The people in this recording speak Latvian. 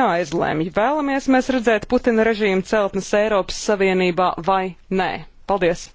jāizlemj, vēlamies mēs redzēt Putina režīmu celtnes Eiropas Savienībā vai nē. Paldies!